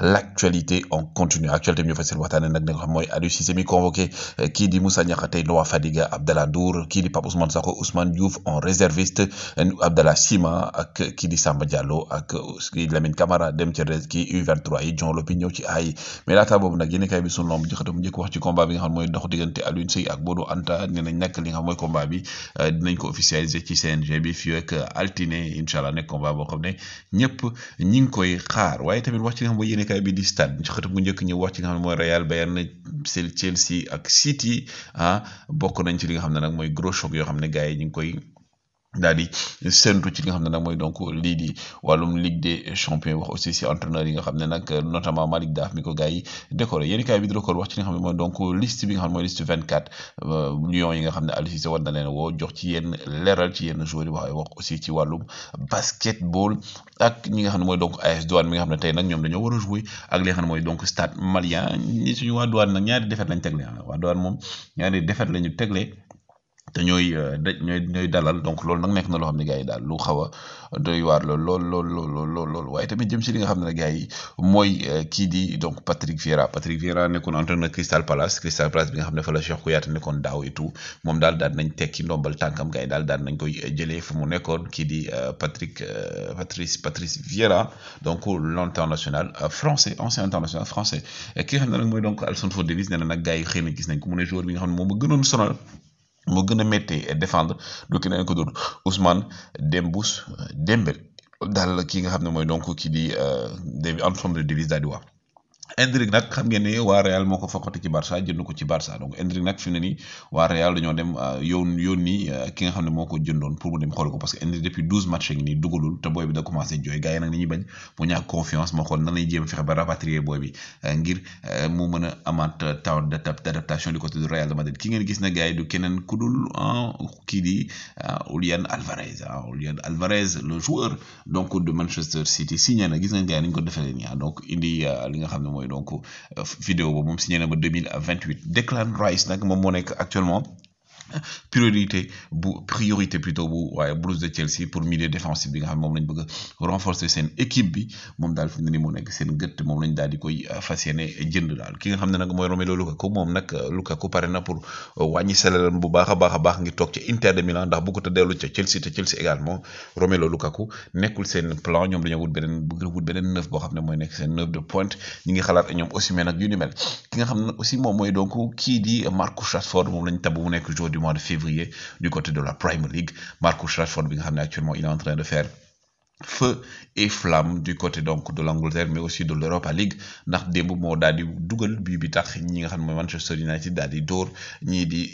l'actualité en continu actualité mieux facile. fas yéene waxtaanee nag nga xam Aliou Cissé mi convoqué eh, ki di Moussa tay Noah Fadiga Abdallah Dour. ki di Pape Ousmane Sakho Ousmane Diouf en réserviste eh, Abdallah Sima ak ki di Samba Diallo ak eh, kii Lamine Camara dem ci res kii U23 yi John Lopy ñëw ci ay mais La boobu nak yene kay bi sun lomb joxatam njëkk wax ci combat bi nga xam moy dox diggante Alioune Seye ak Bodo Anta nee nañ nag li nga xam mooy combat bi dinañ ko officialiser ci CNG bi fii ak Altiné inshallah allah combat boo xam ne ñëpp ñing koy xaar waye tamit wax ci nga xam kaay bi di stade bu njëkk ñu wax ci nga xam ne mooy Real Bayern Chelsea ak City ah bokk nañ ci li nga xam ne nag mooy gros choc yoo xam ne gars yi ñu ngi koy. daal di séntu ci li nga xam ne nag mooy donc lii di wàllum ligue des champions wax aussi si entraîneur yi nga xam ne nag notamment Malick Daaf mi ko gars yi wax ci li nga xam mooy donc liste bi nga xam ne mooy liste euh, ne Aliou Cissé na leen woo jox ci yenn leeral ci yenn joueurs yi wax wax aussi ci wàllum basketball ak ñi nga xam ne mooy donc AS mi nga xam ne tey nag ñoom dañoo war a jouer ak li nga xam ne mooy donc stade malien waa Douane ñaari défaite lañ tegle waa Douane moom ñaari défaite la ñu tegle ñoy euh, donc nous na euh, donc Patrick Vieira Patrick Vieira entraîneur Crystal Palace Crystal Palace bi nga et tout d'Al, euh, Patrick Patrice Patrice Vieira donc l'international français ancien international français ki donc moo gën a méttee et défendre du keneen ko dul Ousmane Dembus Dembélé daal ki nga xam ne mooy donc kii di euh, David Antoine de Davies daal di wax. Endrick nag xam ngeen ne waa Real moo ko fokkati ci Barça jënd ko ci Barça donc Endrick nag euh, euh, bi da commencé jooy gars yi nag dañuy bañ mu euh, de xam ne mooy donc euh, vidéo boobu moom signé na ba deux mille vingt huit Declan Rice nag moom moo nekk actuellement. priorité bu priorité plutôt bu waaye Blues de Chelsea pour milieu défensif bi nga xam moom lañ bëgg a renforcer seen équipe bi moom daal fi mu ne nii moo nekk seen gët moom lañ daal di koy euh, fas jënd daal ki nga xam ne nag mooy Romelu Lukaku moom nak euh, Lukaku pare na pour euh, wàññi salaire bu baax a baax a baax ngi toog ca Inter de Milan ndax bu ko tëddeelu ca Chelsea te Chelsea également Romelu Lukaku nekkul seen plan ñoom dañoo wut beneen bëgg wut beneen neuf boo xam ne mooy nekk seen neuf de pointe ñi ngi xalaat ñoom Osimhen ak yu ni mel ki nga xam ne aussi moom mooy donc kii di Marcus Rashford moom lañ tabu mu nekk joueur du mois de février du côté de la Prime League Marcus Rashford bien actuellement il est en train de faire feu et flamme du côté donc de l'Angleterre mais aussi de l'Europa League ndax début mo daldi bi Manchester United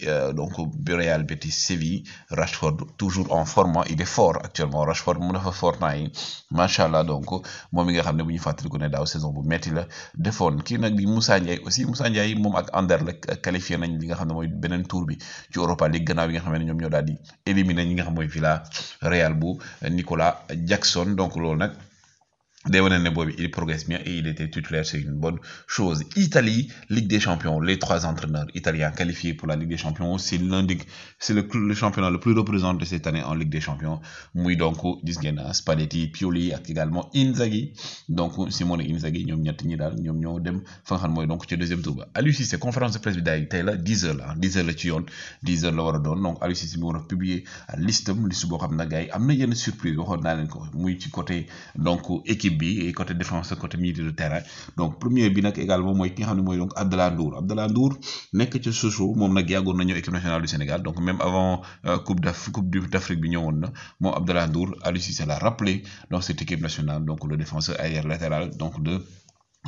euh, donc Real Betis Séville Rashford toujours en forme hein. il est fort actuellement Rashford mu fort donc mom nga xam ne bu ñu saison bu metti la Moussa Ndiaye aussi Moussa Ndiaye mom ak Anderlecht qualifié nañ tour Europa League gannaaw nga xam Nicolas Jackson. Jackson donc loolu nag il progresse bien et il était titulaire, c'est une bonne chose. Italie, Ligue des Champions, les trois entraîneurs italiens qualifiés pour la Ligue des Champions, c'est c'est le, le, championnat le plus représenté cette année en Ligue des Champions. Mouidonko, Disgena, ah, Spalletti, Pioli, et également Inzaghi. Donc, Simone Inzaghi, nous sommes dem fan donc ci deuxième tour. Alusi, c'est conférence de presse de day tay la 10h la, 10h le ci 10h la wara doon. Donc a ci wara publier listam, liste bo xamna gaay amna une surprise waxon na len ko côté donc équipe et bi côté défense côté milieu de terrain donc premier bi nak également moi ki nga xam donc Abdallah Ndour Abdallah Ndour nek ci mom nak équipe nationale du Sénégal donc même avant euh, coupe coupe d'Afrique bi ñëwoon na à Abdallah Ndour l'a rappelé dans cette équipe nationale donc le défenseur arrière latéral donc de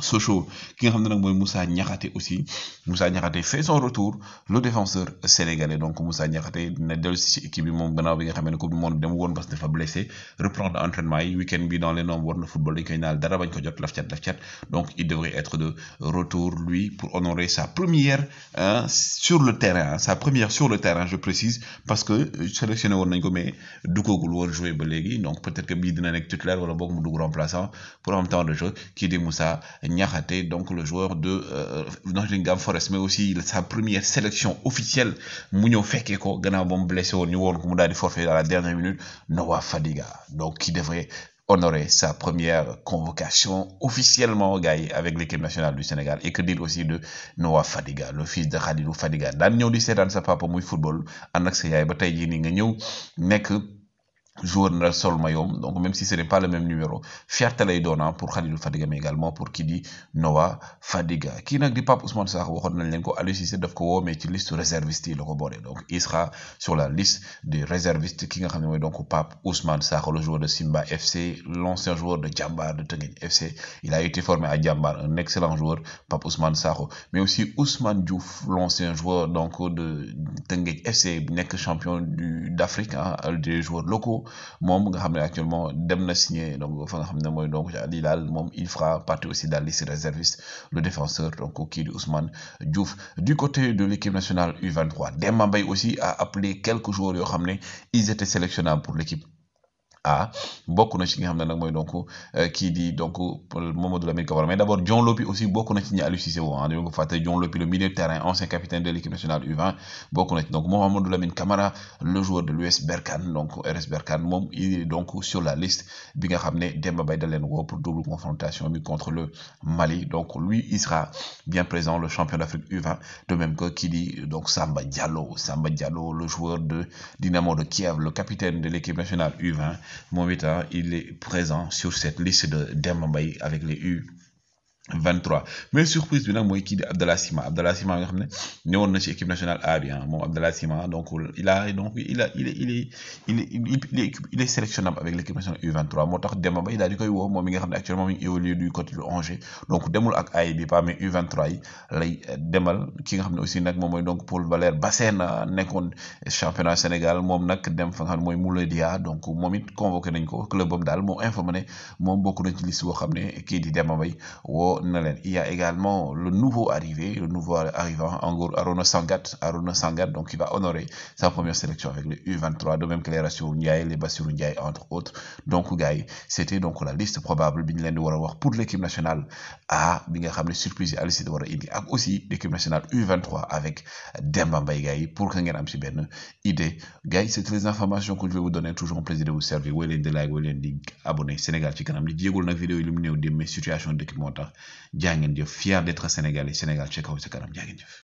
Socho, ki a xam ne Moussa Niakhaté aussi Moussa Niakhaté fait son retour le défenseur sénégalais donc Moussa Niakhaté dina dellu si ci équipe bi moom gannaaw bi nga xam ne coupe du monde dem blessé reprendre entraînement week-end bi dans les normes war na football dañ koy naal dara bañ ko jot laf cat laf donc il devrait être de retour lui pour honorer sa première hein, sur le terrain hein, sa première sur le terrain je précise parce que euh, sélectionné woon nañ ko mais duggagul woon joué ba léegi donc peut-être que bii dina nekk titulaire wala boog mu remplaçant pour un temps de jeu qui dit Moussa raté donc le joueur de euh, Nottingham Forest mais aussi sa première sélection officielle Mounio Fekeko, fekkee ko blessé au niveau woon ko mu forfait dans la dernière minute Noah Fadiga donc qui devrait honorer sa première convocation officiellement Gaï avec l'équipe nationale du Sénégal et que dire aussi de Noah Fadiga le fils de Khalilou Fadiga dans ñëw di sa papa muy football en ak sa la ba tey y ni nga joueur Sol Mayom, donc même si ce n'est pas le même numéro. Fierté lay ah, pour Khalil Fadiga mais également pour Kidi Noah Fadiga ki nak di Pape Ousmane Sarr. waxoon nañ len ko Aliou daf ko ci liste réserviste yi donc il sera sur la liste des réservistes Qui nga xamné moy donc Pape Ousmane Sarr. le joueur de Simba FC l'ancien joueur de Jambar de Tengue FC il a été formé à Djambar un excellent joueur Pape Ousmane Sarr. mais aussi Ousmane Diouf l'ancien joueur donc de Tengue FC que champion d'Afrique ah, Un des joueurs locaux actuellement donc il fera partie aussi Dans les liste le défenseur donc au Ousmane du côté de l'équipe nationale U23 Demba aussi a appelé quelques joueurs ils étaient sélectionnables pour l'équipe a bokk na ci nga xam nak moy donc euh, kii di donc euh, Mamadou Lamine Camara mais d'abord John Dion aussi bokk na ci ñi Aliou Cissé woo ah ko Dion lopi le milieu de terrain ancien capitaine de l'équipe nationale U20 bokk na ci donc moom Mamadou Lamine Camara le joueur de l'US Berkane donc RS Berkane mom il est donc sur la liste bi nga xam Demba Bay wo pour double confrontation bi contre le Mali donc lui il sera bien présent le champion d'Afrique U20 de même que qui di donc Samba Diallo Samba Diallo le joueur de Dynamo de Kiev le capitaine de l'équipe nationale U20 moom il est présent sur cette liste de Demba avec les U 23 mais surprise bi nak moy ki Abdallah Sima Abdallah Sima nga na ci équipe nationale A hein, donc il a donc il a il est il il il sélectionnable avec l'équipe nationale U23 motax Ba actuellement du côté de donc demul ak U23 yi lay demal aussi donc Paul Valère Bassène championnat Sénégal mom nak dem fa donc convoqué club il y a également le nouveau arrivé le nouveau arrivant Aruna Sangat qui Sangat donc il va honorer sa première sélection avec le U23 de même que les Rassirou les Bassirou entre autres donc gars c'était donc la liste probable que ñu di pour l'équipe nationale A bi nga surpris surprise de Aliou Il y a aussi l'équipe nationale U23 avec Demba pour que ngeen am une idée gars c'est c'était les informations que je vais vous donner toujours un plaisir de vous servir wooy leen like wooy leen abonné Sénégal ci kanam li vidéo yi lu situations néew jaa ngeen jëf fier d'être i Sénégal ca kaw ca kanam jaa ngeen jëf.